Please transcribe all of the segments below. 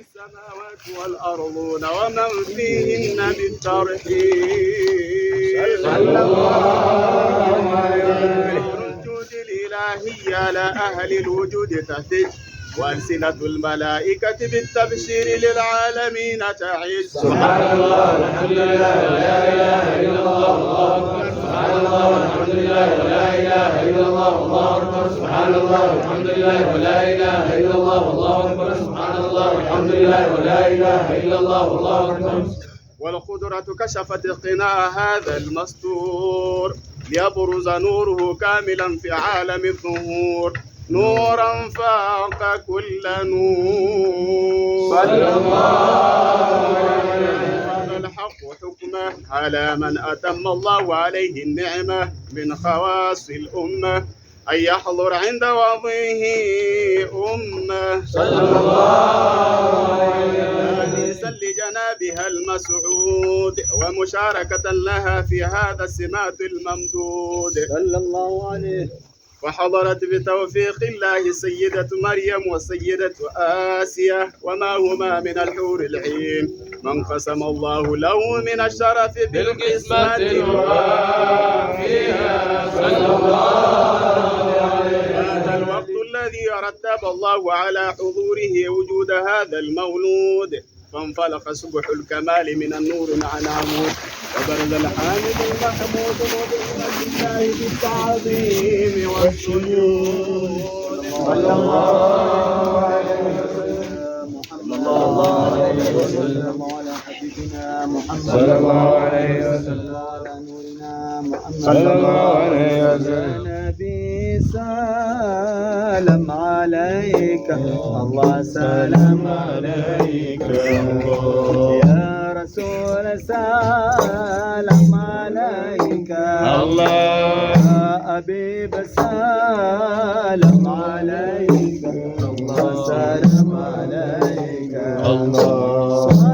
السماوات والأرضون ومن فيهن من ترحيم صلى الله عليه وسلم الجود الإلهي على أهل الوجود تهتج وألسنة الملائكة بالتبشير للعالمين تعز سبحان الله الحمد لله لا إله إلا الله الله أكبر سبحان الله الحمد لله ولا إله إلا الله الله أكبر سبحان الله الحمد لله ولا إله إلا الله الله أكبر سبحان الله الحمد لله ولا إله إلا الله والله أكبر والقدرة كشفت قناع هذا المستور ليبرز نوره كاملا في عالم الظهور نورا فاق كل نور صلى الله عليه الحق حكمه على من أتم الله عليه النعمة من خواص الأمة أن يحضر عند وضعه أمه صلى الله عليه وسلم لجنابها المسعود ومشاركة لها في هذا السمات الممدود صلى الله عليه وحضرت بتوفيق الله سيدة مريم وسيدة آسيا وما هما من الحور العين من قسم الله له من الشرف بالقسمة فيها صلى الله عليه الوقت الذي رتب الله على حضوره وجود هذا المولود فانفلق سبح الكمال من النور مع ناموس وبرز الحامد المحمود وبرز الله بالتعظيم والسجود صلى الله عليه وسلم صلى الله عليه وسلم وعلى حبيبنا محمد صلى الله عليه وسلم على نورنا محمد صلى الله عليه وسلم سلام عليك الله سلام عليك يا رسول سلام عليك الله حبيب سلام عليك الله سلام عليك الله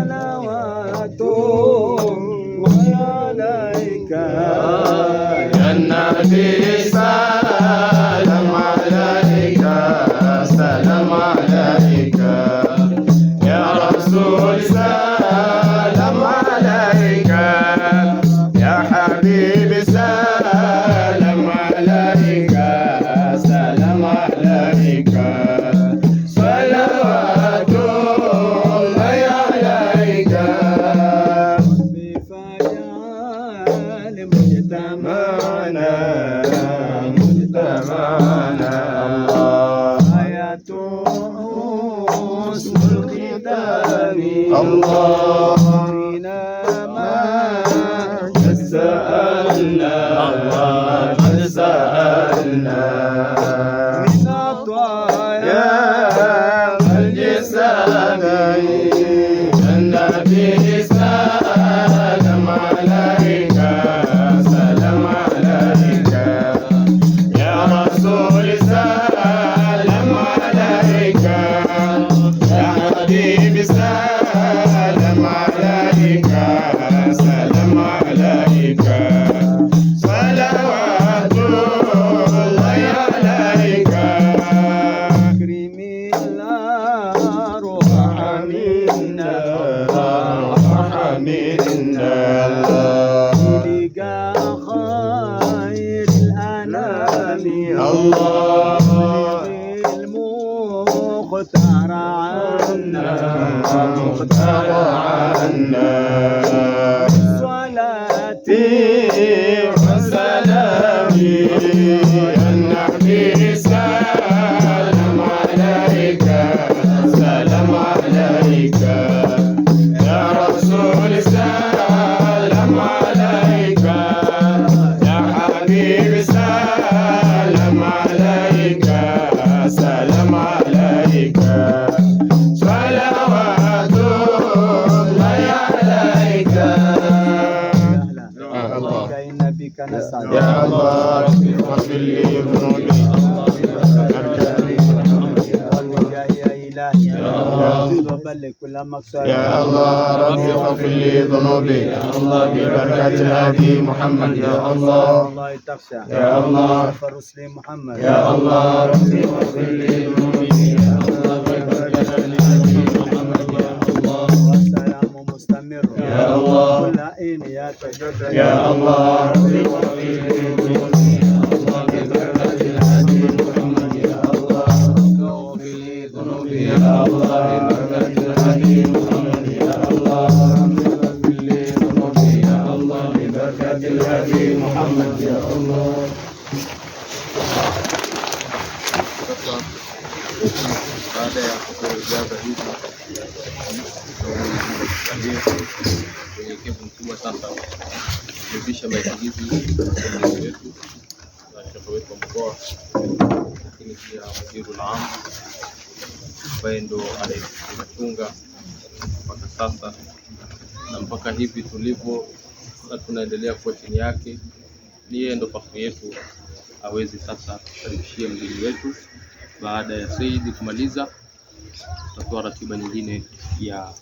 يا الله ربي اغفر لي ذنوبي يا الله ببركة الهادي محمد يا الله يا الله محمد يا الله ربي اغفر لي ذنوبي يا الله محمد يا الله والسلام مستمر يا الله يا الله kufunga mpaka sasa na mpaka hivi tulivyo na tunaendelea kuwa chini yake. Ni yeye ndo pafu yetu awezi sasa kukaribishia mgeni wetu. Baada ya Said kumaliza, tutatoa ratiba nyingine ya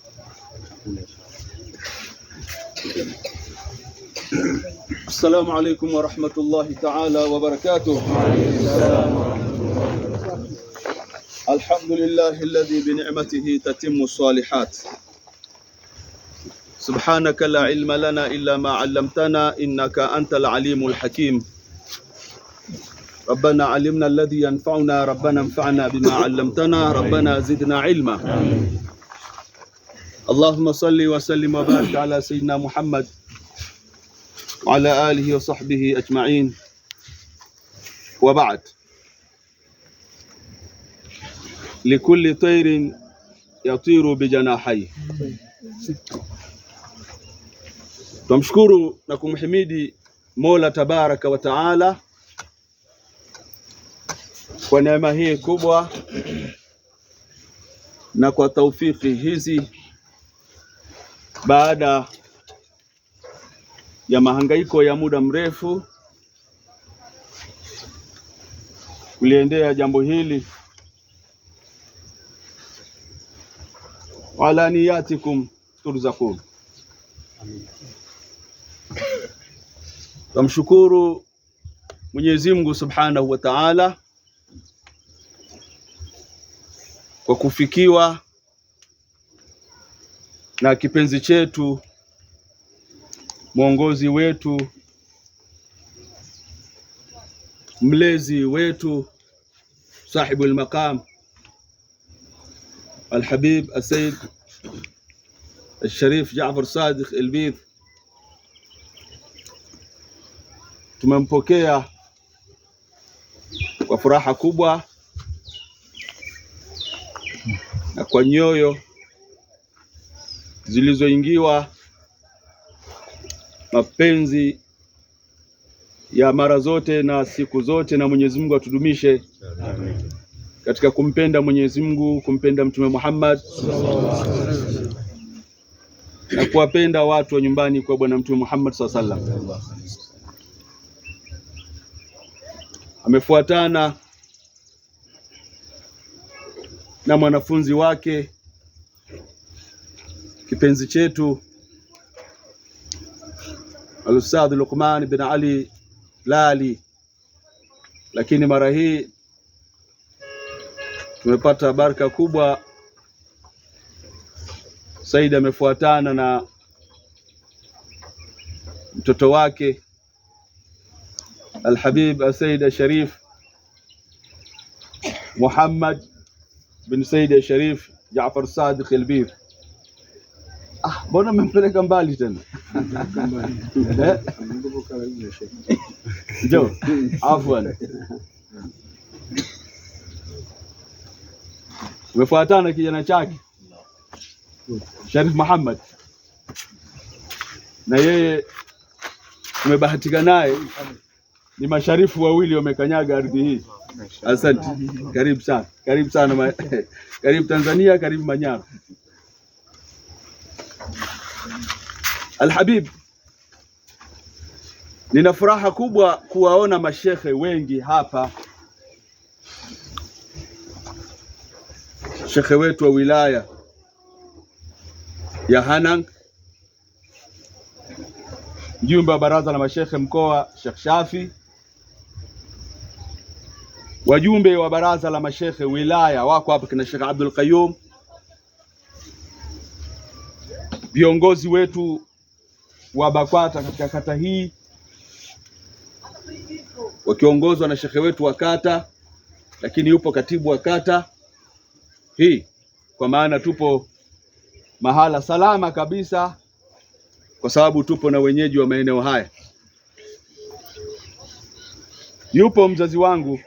chakula. Assalamu alaikum warahmatullahi taala wabarakatuh. الحمد لله الذي بنعمته تتم الصالحات سبحانك لا علم لنا إلا ما علمتنا إنك أنت العليم الحكيم ربنا علمنا الذي ينفعنا ربنا انفعنا بما علمتنا ربنا زدنا علما اللهم صل وسلم وبارك على سيدنا محمد وعلى آله وصحبه أجمعين وبعد likulli tairin yatiru bijanahai. Twamshukuru na kumhimidi Mola tabaraka wa taala kwa neema hii kubwa na kwa taufiki hizi, baada ya mahangaiko ya muda mrefu kuliendea jambo hili wala niyatikum turzakum. Tumshukuru Mwenyezi Mungu Subhanahu wa Ta'ala kwa kufikiwa na kipenzi chetu mwongozi wetu mlezi wetu al maqam الحبيب السيد الشريف جعفر صادق البيض tumempokea kwa furaha kubwa na kwa nyoyo zilizoingiwa mapenzi ya mara zote na siku zote, na Mwenyezi Mungu atudumishe Amen katika kumpenda Mwenyezi Mungu, kumpenda Mtume Muhammad na kuwapenda watu wa nyumbani kwa Bwana Mtume Muhammad sallallahu alaihi wasallam. Amefuatana na mwanafunzi wake kipenzi chetu Al-Ustadh Luqman bin Ali Lali, lakini mara hii Tumepata baraka kubwa. Said amefuatana na mtoto wake Alhabib Said Sharif Muhammad bin Said Sharif Jaafar Sadiq Albir. Ah, mbona mmempeleka mbali tena? Eh? Jo, afwan umefuatana kijana chake Sharif Muhammad, na yeye umebahatika naye, ni masharifu wawili wamekanyaga ardhi hii. Asante, karibu sana, karibu sana, karibu Tanzania, karibu Manyara. Alhabib, nina furaha kubwa kuwaona mashekhe wengi hapa. shekhe wetu wa wilaya ya Hanang, mjumbe wa baraza la mashekhe mkoa Sheikh Shafi, wajumbe wa baraza la mashekhe wilaya wako hapa, kina Sheikh Abdul Qayyum, viongozi wetu wa BAKWATA katika kata hii wakiongozwa na shekhe wetu wa kata, lakini yupo katibu wa kata hii, kwa maana tupo mahala salama kabisa, kwa sababu tupo na wenyeji wa maeneo haya. Yupo mzazi wangu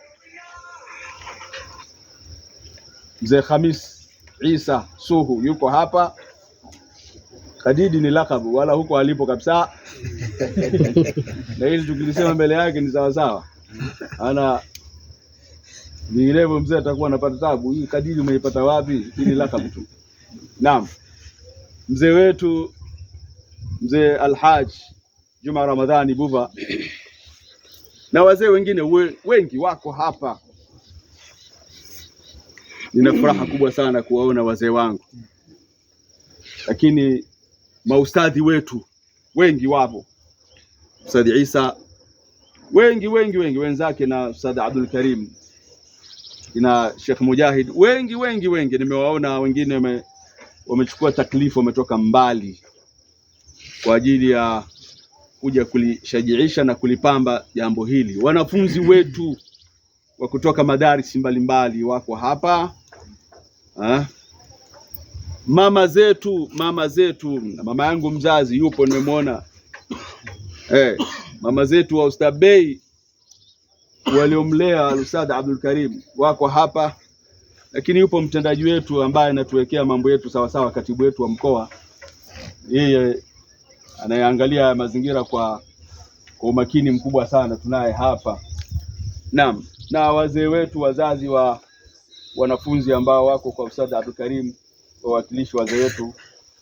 mzee Khamis Isa Suhu, yuko hapa. Kadidi ni lakabu, wala huko alipo kabisa na hili tukilisema mbele yake ni sawasawa, ana vinginevyo mzee atakuwa anapata tabu. Hii kadiri umeipata wapi? Ili laka mtu. Naam, mzee wetu mzee Alhaj Juma Ramadhani Buva na wazee wengine we, wengi wako hapa. Nina furaha kubwa sana kuwaona wazee wangu, lakini maustadhi wetu wengi wapo, Ustadhi Isa wengi wengi wengi wenzake na Ustadhi Abdul Karim na Sheikh Mujahid, wengi wengi wengi nimewaona, wengine wamechukua taklifu, wametoka mbali kwa ajili ya kuja kulishajiisha na kulipamba jambo hili. Wanafunzi wetu wa kutoka madarisi mbalimbali wako hapa ha? Mama zetu mama zetu, mama yangu mzazi yupo, nimemwona hey, eh, mama zetu wa Ustabei waliomlea Alustadh Abdul Karim wako hapa, lakini yupo mtendaji wetu ambaye anatuwekea mambo yetu sawasawa, katibu wetu wa mkoa, yeye anayeangalia mazingira kwa kwa umakini mkubwa sana, tunaye hapa naam, na wazee wetu wazazi wa wanafunzi ambao wako kwa Ustadh Abdul Karim, wawakilishi wazee wetu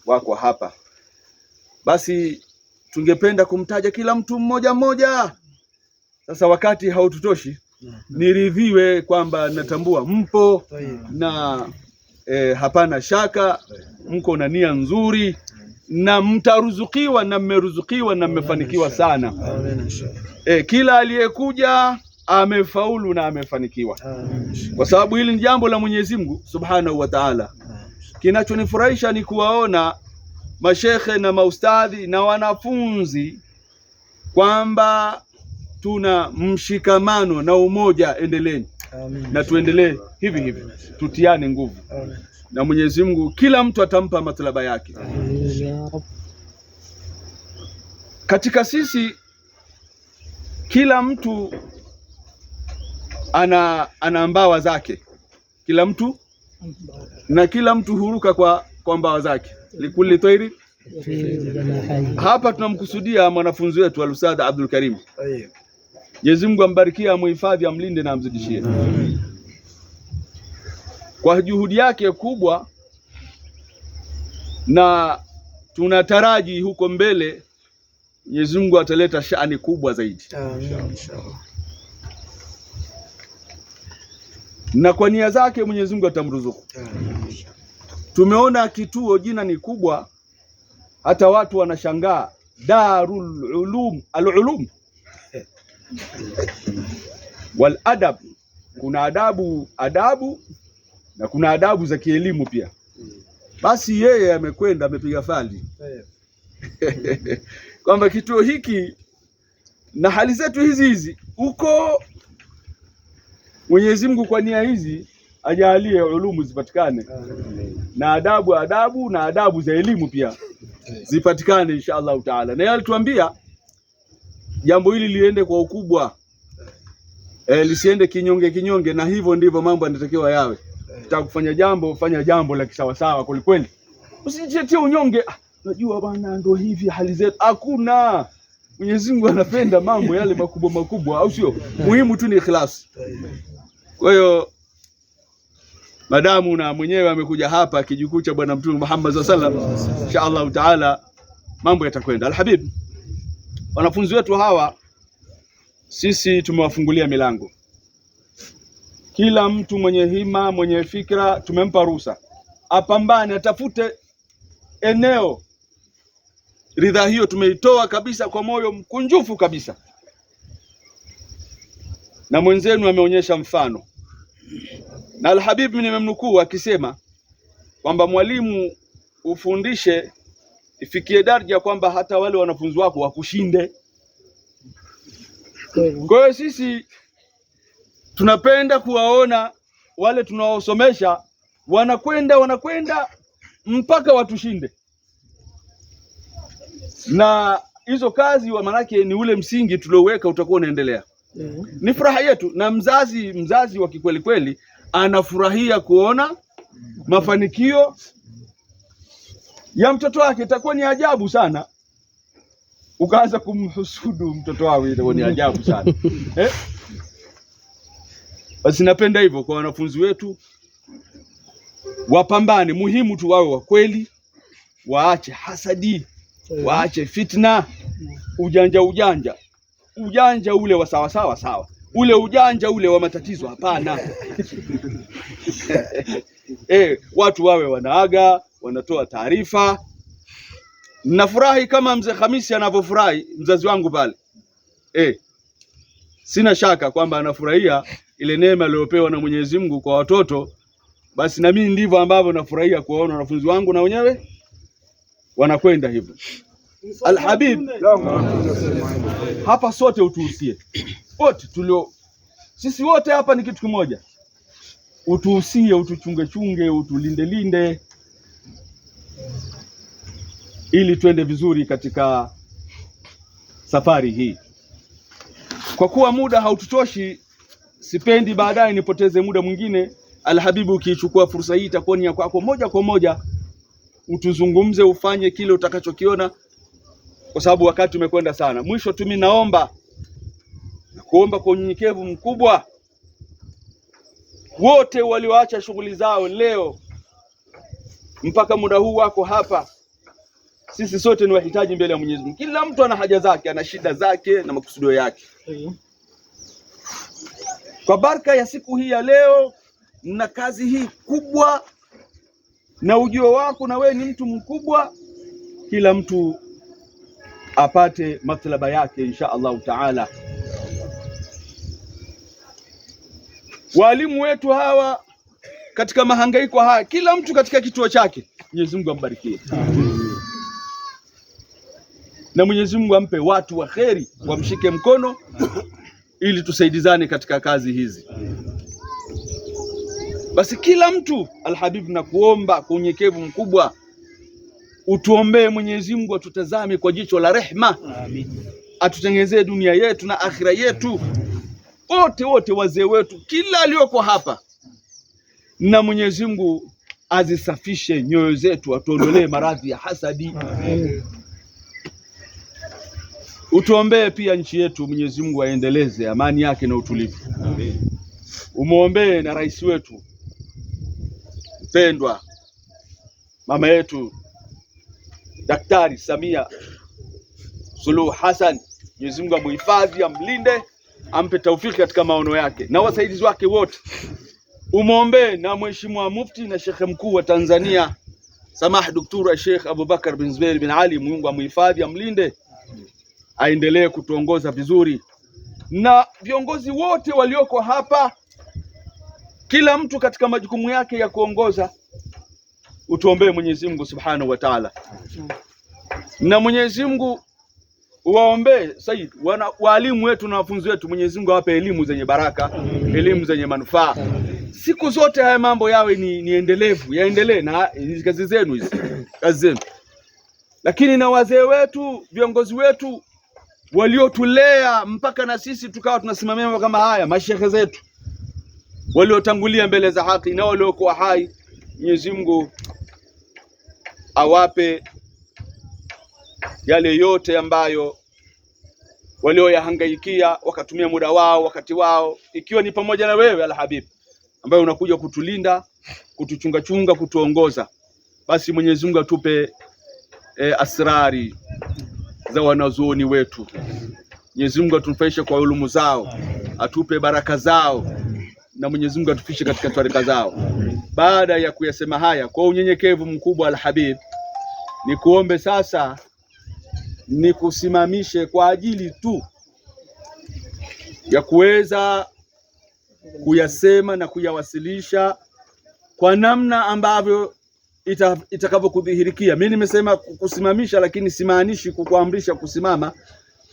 wako hapa. Basi tungependa kumtaja kila mtu mmoja mmoja sasa wakati haututoshi, niridhiwe kwamba natambua mpo na eh, hapana shaka mko na nia nzuri na mtaruzukiwa na mmeruzukiwa na mmefanikiwa sana. E, kila aliyekuja amefaulu na amefanikiwa, kwa sababu hili ni jambo la Mwenyezi Mungu Subhanahu wa Ta'ala. Kinachonifurahisha ni kuwaona mashekhe na maustadhi na wanafunzi kwamba tuna mshikamano na umoja endeleeni, na tuendelee hivi hivi, tutiane nguvu Na Mwenyezi Mungu kila mtu atampa matalaba yake Katika sisi kila mtu ana, ana mbawa zake kila mtu na kila mtu huruka kwa, kwa mbawa zake likuli tairi. Hapa tunamkusudia mwanafunzi wetu Alusada Abdul Karim. Mwenyezi Mungu ambarikie, amhifadhi, amlinde na amzidishie kwa juhudi yake kubwa, na tunataraji huko mbele Mwenyezi Mungu ataleta shani kubwa zaidi. Amin. Na kwa nia zake Mwenyezi Mungu atamruzuku. Tumeona kituo jina ni kubwa, hata watu wanashangaa Darul Ulum Al Ulum wal adab, kuna adabu adabu na kuna adabu za kielimu pia. Basi yeye amekwenda amepiga fali kwamba kituo hiki na hali zetu hizi hizi huko, Mwenyezi Mungu kwa nia hizi ajalie ulumu zipatikane na adabu adabu na adabu za elimu pia zipatikane insha Allahu taala, na yeye alituambia jambo hili liende kwa ukubwa e, lisiende kinyonge kinyonge, na hivyo ndivyo mambo yanatakiwa yawe. Ukitaka kufanya jambo, fanya jambo la kisawasawa kwelikweli, usijitie unyonge. Unajua ah, bwana, ndo hivi hali zetu. Hakuna, Mwenyezi Mungu anapenda mambo yale makubwa makubwa, au sio? Muhimu tu ni ikhlasi. Kwa hiyo madamu na mwenyewe amekuja hapa kijukuu cha Bwana Mtume Muhammad sallallahu alaihi wasallam, inshallah taala mambo yatakwenda alhabib Wanafunzi wetu hawa sisi tumewafungulia milango. Kila mtu mwenye hima, mwenye fikra, tumempa ruhusa apambane, atafute eneo. Ridhaa hiyo tumeitoa kabisa kwa moyo mkunjufu kabisa, na mwenzenu ameonyesha mfano, na alhabibu nimemnukuu akisema kwamba mwalimu ufundishe ifikie daraja kwamba hata wale wanafunzi wako wakushinde. Kwa hiyo sisi tunapenda kuwaona wale tunaosomesha wanakwenda wanakwenda mpaka watushinde, na hizo kazi wa manake ni ule msingi tulioweka utakuwa unaendelea. mm -hmm. Ni furaha yetu, na mzazi mzazi wa kikweli kweli anafurahia kuona mafanikio ya mtoto wake, itakuwa ni ajabu sana ukaanza kumhusudu mtoto wao, itakuwa ni ajabu sana eh? Basi napenda hivyo kwa wanafunzi wetu, wapambane. Muhimu tu wawe wa kweli, waache hasadi, eh. waache fitna, ujanja ujanja ujanja ule wa sawa sawa sawa, ule ujanja ule wa matatizo hapana. Eh, watu wawe wanaaga wanatoa taarifa. Nafurahi kama mzee Hamisi anavyofurahi mzazi wangu pale eh, sina shaka kwamba anafurahia ile neema aliyopewa na Mwenyezi Mungu kwa watoto. Basi na mimi ndivyo ambavyo nafurahia kuwaona wanafunzi wangu na wenyewe wanakwenda hivyo. Alhabib, hapa sote utuhusie wote tulio sisi wote hapa ni kitu kimoja, utuhusie, utuchunge chunge, utulinde linde ili tuende vizuri katika safari hii. Kwa kuwa muda haututoshi, sipendi baadaye nipoteze muda mwingine. Alhabibu, ukiichukua fursa hii itakuwa ni ya kwako moja kwa moja, utuzungumze, ufanye kile utakachokiona, kwa sababu wakati umekwenda sana. Mwisho tu mimi naomba kuomba kwa unyenyekevu mkubwa, wote walioacha shughuli zao leo mpaka muda huu wako hapa. Sisi sote ni wahitaji mbele ya Mwenyezi Mungu. Kila mtu ana haja zake, ana shida zake na makusudio yake. Mm. Kwa baraka ya siku hii ya leo na kazi hii kubwa na ujio wako, na wewe ni mtu mkubwa, kila mtu apate matlaba yake insha Allahu taala. Walimu wetu hawa katika mahangaiko haya, kila mtu katika kituo chake. Mwenyezi Mungu ambarikie na Mwenyezi Mungu ampe watu wa kheri, wamshike mkono ili tusaidizane katika kazi hizi. Basi kila mtu Alhabibu, na kuomba kwa unyenyekevu mkubwa utuombee Mwenyezi Mungu atutazame kwa jicho la rehma, atutengezee dunia yetu na akhira yetu. Wote wote wazee wetu, kila aliyoko hapa na Mwenyezi Mungu azisafishe nyoyo zetu, atuondolee maradhi ya hasadi Amen. Utuombee pia nchi yetu, Mwenyezi Mungu aendeleze amani yake na utulivu. Umwombee na rais wetu mpendwa, mama yetu Daktari Samia Suluhu Hassan, Mwenyezi Mungu amhifadhi, amlinde, ampe taufiki katika maono yake na wasaidizi wake wote umwombee na Mheshimiwa Mufti na Shekhe Mkuu wa Tanzania samah Duktura Sheikh Abubakar bin Zubeir bin Ali, Mungu amhifadhi amlinde, aendelee kutuongoza vizuri, na viongozi wote walioko hapa, kila mtu katika majukumu yake ya kuongoza. Utuombee Mwenyezi Mungu Subhanahu wa Ta'ala, na Mwenyezi Mungu waombee Said, waalimu wetu na wafunzi wetu. Mwenyezi Mungu awape elimu zenye baraka, elimu zenye manufaa siku zote haya mambo yawe ni, ni endelevu, yaendelee na kazi zenu hizi kazi zenu, lakini na wazee wetu, viongozi wetu waliotulea mpaka na sisi tukawa tunasimamia mambo kama haya, mashehe zetu waliotangulia mbele za haki na waliokuwa hai, Mwenyezi Mungu awape yale yote ambayo walioyahangaikia, wakatumia muda wao, wakati wao, ikiwa ni pamoja na wewe Alhabibu ambaye unakuja kutulinda, kutuchungachunga, kutuongoza. Basi Mwenyezi Mungu atupe e, asrari za wanazuoni wetu. Mwenyezi Mungu atunufaishe kwa ulumu zao, atupe baraka zao, na Mwenyezi Mungu atufishe katika tarika zao. Baada ya kuyasema haya kwa unyenyekevu mkubwa, Alhabib, nikuombe sasa nikusimamishe kwa ajili tu ya kuweza kuyasema na kuyawasilisha kwa namna ambavyo ita, itakavyokudhihirikia. Mimi nimesema kusimamisha, lakini simaanishi kukuamrisha kusimama.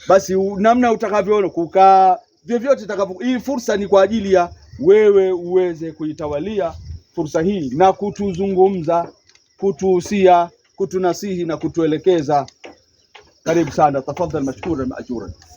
Basi namna utakavyoona kukaa, vyovyote itakavyo. Hii fursa ni kwa ajili ya wewe uweze kuitawalia fursa hii na kutuzungumza, kutuhusia, kutunasihi na kutuelekeza. Karibu sana, tafadhal mashkuran maajuran.